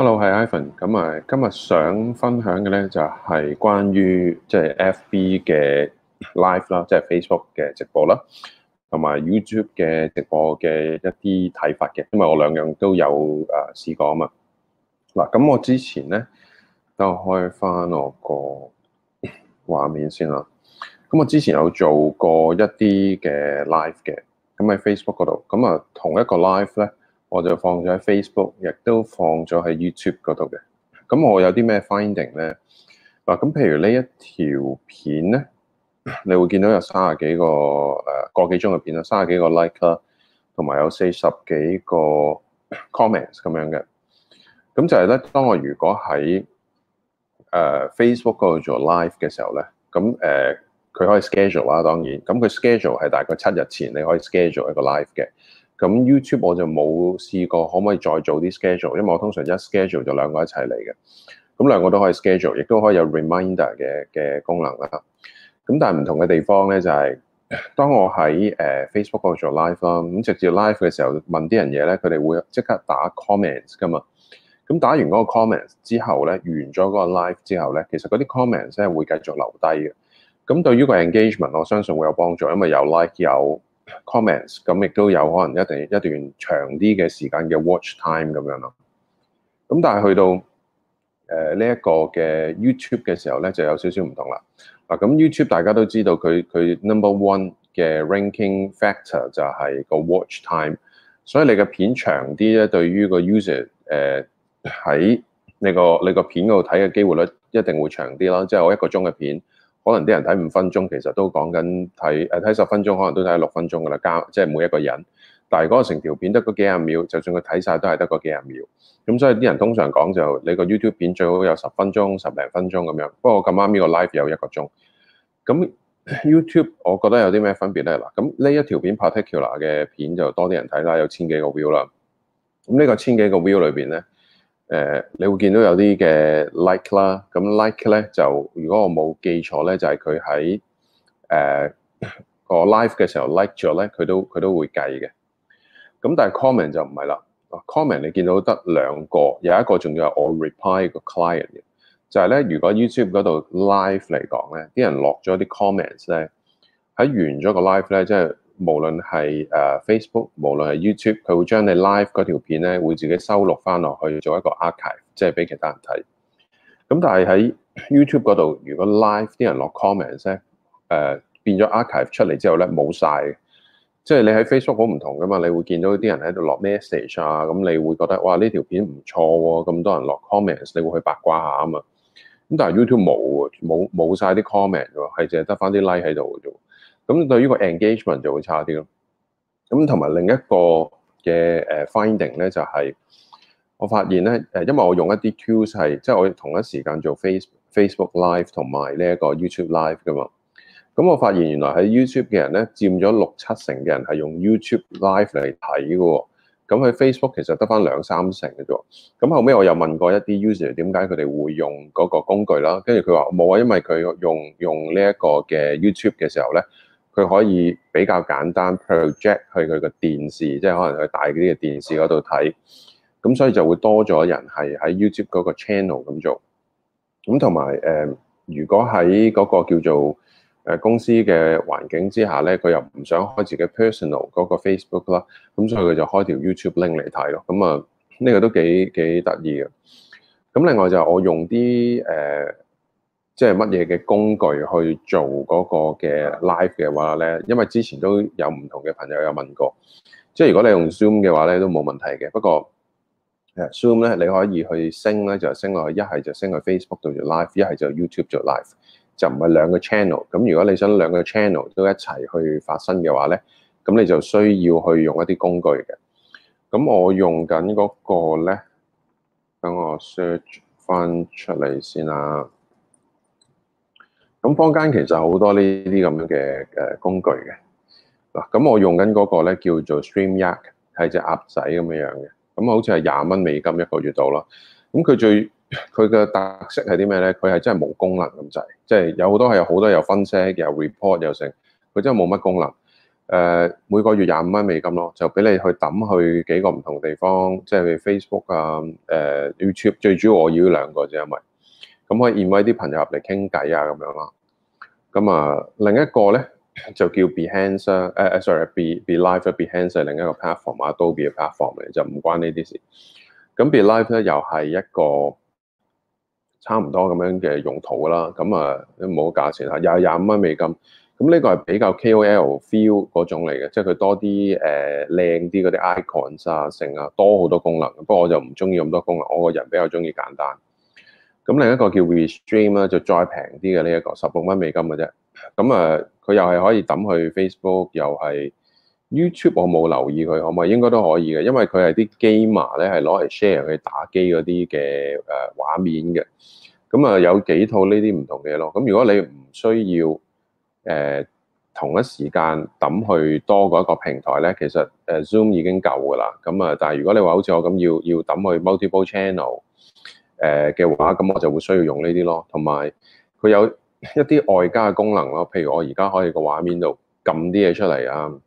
Hello，係 Ivan。咁啊，今日想分享嘅咧就係關於即係 FB 嘅 live 啦，即係 Facebook 嘅直播啦，同埋 YouTube 嘅直播嘅一啲睇法嘅。因為我兩樣都有誒試過啊嘛。嗱，咁我之前咧都開翻我個畫面先啦。咁我之前有做過一啲嘅 live 嘅，咁喺 Facebook 嗰度。咁啊，同一個 live 咧。我就放咗喺 Facebook，亦都放咗喺 YouTube 嗰度嘅。咁我有啲咩 finding 咧？嗱，咁譬如呢一條片咧，你會見到有卅幾個誒個幾鐘嘅片啦，卅幾個 like 啦，同埋有四十幾個 comments 咁樣嘅。咁就係咧，當我如果喺誒 Facebook 嗰度做 live 嘅時候咧，咁誒佢可以 schedule 啦，當然，咁佢 schedule 係大概七日前你可以 schedule 一個 live 嘅。咁 YouTube 我就冇試過，可唔可以再做啲 schedule？因為我通常一 schedule 就兩個一齊嚟嘅，咁兩個都可以 schedule，亦都可以有 reminder 嘅嘅功能啦。咁但係唔同嘅地方咧，就係當我喺誒 Facebook 度做 live 啦，咁直接 live 嘅時候問啲人嘢咧，佢哋會即刻打 comments 㗎嘛。咁打完嗰個 comments 之後咧，完咗嗰個 live 之後咧，其實嗰啲 comments 真係會繼續留低嘅。咁對於個 engagement，我相信會有幫助，因為有 like 有。comments 咁亦都有可能一定一段長啲嘅時間嘅 watch time 咁樣咯。咁但係去到誒呢一個嘅 YouTube 嘅時候咧，就有少少唔同啦。嗱，咁 YouTube 大家都知道佢佢 number one 嘅 ranking factor 就係個 watch time，所以你嘅片長啲咧，對於個 user 誒喺你個你個片度睇嘅機會率一定會長啲咯。即係我一個鐘嘅片。可能啲人睇五分鐘，其實都講緊睇誒睇十分鐘，可能都睇六分鐘噶啦，加即係、就是、每一個人。但係嗰個成條片得嗰幾廿秒，就算佢睇晒都係得嗰幾廿秒。咁所以啲人通常講就你個 YouTube 片最好有十分鐘、十零分鐘咁樣。不過咁啱呢個 live 有一個鐘。咁 YouTube 我覺得有啲咩分別咧？嗱，咁呢一條片 particular 嘅片就多啲人睇啦，有千幾個 view 啦。咁呢個千幾個 view 裏邊咧？誒，你會見到有啲嘅 like 啦，咁 like 咧就如果我冇記錯咧，就係佢喺誒個 live 嘅時候 like 咗咧，佢都佢都會計嘅。咁但係 comment 就唔係啦，comment 你見到得兩個，有一個仲要係我 reply 個 client 嘅，就係咧如果 YouTube 嗰度 live 嚟講咧，啲人落咗啲 comments 咧，喺完咗個 live 咧即係。就是無論係誒 Facebook，無論係 YouTube，佢會將你 live 嗰條片咧，會自己收錄翻落去做一個 archive，即係俾其他人睇。咁但係喺 YouTube 嗰度，如果 live 啲人落 comments 咧、呃，誒變咗 archive 出嚟之後咧，冇晒。即係你喺 Facebook 好唔同噶嘛，你會見到啲人喺度落 message 啊，咁你會覺得哇呢條片唔錯喎、啊，咁多人落 comments，你會去八卦下啊嘛。咁但係 YouTube 冇冇冇曬啲 comments 喎，係淨係得翻啲 like 喺度嘅啫。咁對於個 engagement 就會差啲咯。咁同埋另一個嘅誒 finding 咧，就係我發現咧誒，因為我用一啲 tools 係即係我同一時間做 face Facebook Live 同埋呢一個 YouTube Live 噶嘛。咁我發現原來喺 YouTube 嘅人咧，佔咗六七成嘅人係用 YouTube Live 嚟睇嘅喎。咁喺 Facebook 其實得翻兩三成嘅啫。咁後尾我又問過一啲 user 點解佢哋會用嗰個工具啦，跟住佢話冇啊，因為佢用用呢一個嘅 YouTube 嘅時候咧。佢可以比較簡單 project 去佢個電視，即係可能去大啲嘅電視嗰度睇，咁所以就會多咗人係喺 YouTube 嗰個 channel 咁做，咁同埋誒，如果喺嗰個叫做誒公司嘅環境之下咧，佢又唔想開自己 personal 嗰個 Facebook 啦，咁所以佢就開條 YouTube link 嚟睇咯，咁啊呢個都幾幾得意嘅，咁另外就係我用啲誒。呃即係乜嘢嘅工具去做嗰個嘅 live 嘅話咧？因為之前都有唔同嘅朋友有問過，即係如果你用 Zoom 嘅話咧，都冇問題嘅。不過，Zoom 咧你可以去升咧，就係、升落去一係就升去 Facebook 度做 live，一係就 YouTube 做 live，就唔係兩個 channel。咁如果你想兩個 channel 都一齊去發生嘅話咧，咁你就需要去用一啲工具嘅。咁我用緊嗰個咧，等我 search 翻出嚟先啦。咁坊間其實好多呢啲咁樣嘅誒工具嘅嗱，咁我用緊嗰個咧叫做 StreamYard，係隻鴨仔咁樣樣嘅，咁好似係廿蚊美金一個月度咯。咁佢最佢嘅特色係啲咩咧？佢係真係冇功能咁滯，即係有好多係有好多有分析、有 report 又成。佢真係冇乜功能。誒，每個月廿五蚊美金咯，就俾你去揼去幾個唔同地方，即係 Facebook 啊、誒、呃、YouTube，最主要我要兩個啫，因為。咁可以邀啲朋友入嚟傾偈啊，咁樣啦。咁啊，另一個咧就叫 Behance 啊，sorry，be，be live 啊，Behance 係另一個 platform 啊，Adobe 嘅 platform 嚟，就唔關呢啲事。咁 be live 咧又係一個差唔多咁樣嘅用途啦。咁啊，冇價錢啦，廿廿五蚊美金。咁呢個係比較 KOL feel 嗰種嚟嘅，即係佢多啲誒靚啲嗰啲 icons 啊，成、呃、啊，多好多功能。不過我就唔中意咁多功能，我個人比較中意簡單。咁另一個叫 Restream 咧，就再平啲嘅呢一個，十六蚊美金嘅啫。咁啊，佢又係可以揼去 Facebook，又係 YouTube。我冇留意佢可唔可以，應該都可以嘅，因為佢係啲 gamer 咧，係攞嚟 share 佢打機嗰啲嘅誒畫面嘅。咁啊，有幾套呢啲唔同嘅嘢咯。咁如果你唔需要誒、呃、同一時間揼去多過一個平台咧，其實誒 Zoom 已經夠噶啦。咁啊，但係如果你話好似我咁要要揼去 multiple channel，誒嘅話，咁我就會需要用呢啲咯，同埋佢有一啲外加嘅功能咯，譬如我而家可以個畫面度撳啲嘢出嚟啊，誒、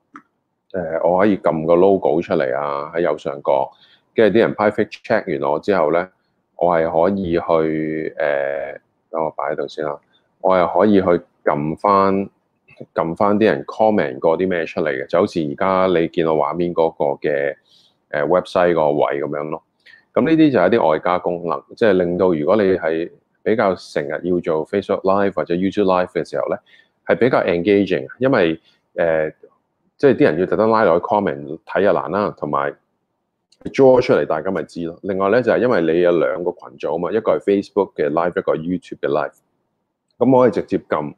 呃、我可以撳個 logo 出嚟啊，喺右上角，跟住啲人批 fit check 完我之後咧，我係可以去誒、呃，等我擺喺度先啦，我又可以去撳翻撳翻啲人 comment 過啲咩出嚟嘅，就好似而家你見我畫面嗰個嘅誒 website 個位咁樣咯。咁呢啲就係一啲外加功能，即係令到如果你係比較成日要做 Facebook Live 或者 YouTube Live 嘅時候咧，係比較 engaging，因為誒即係啲人要特登拉落去 comment 睇下難啦，同埋 draw 出嚟大家咪知咯。另外咧就係因為你有兩個群組啊嘛，一個係 Facebook 嘅 live，一個係 YouTube 嘅 live，咁我可以直接撳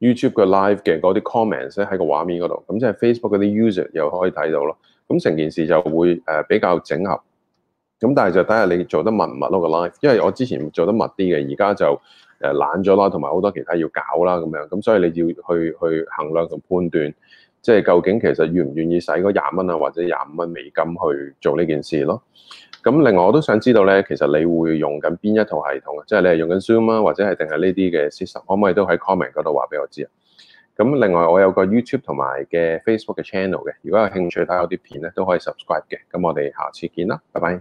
YouTube 嘅 live 嘅嗰啲 comments 咧喺個畫面嗰度，咁即係 Facebook 嗰啲 user 又可以睇到咯。咁成件事就會誒比較整合。咁但係就睇下你做得密密咯個 live，因為我之前做得密啲嘅，而家就誒懶咗啦，同埋好多其他要搞啦咁樣，咁所以你要去去衡量同判斷，即係究竟其實願唔願意使嗰廿蚊啊或者廿五蚊美金去做呢件事咯。咁另外我都想知道咧，其實你會用緊邊一套系統啊？即係你係用緊 Zoom 啊，或者係定係呢啲嘅 system，可唔可以都喺 comment 嗰度話俾我知啊？咁另外我有個 YouTube 同埋嘅 Facebook 嘅 channel 嘅，如果有興趣睇我啲片咧，都可以 subscribe 嘅。咁我哋下次見啦，拜拜。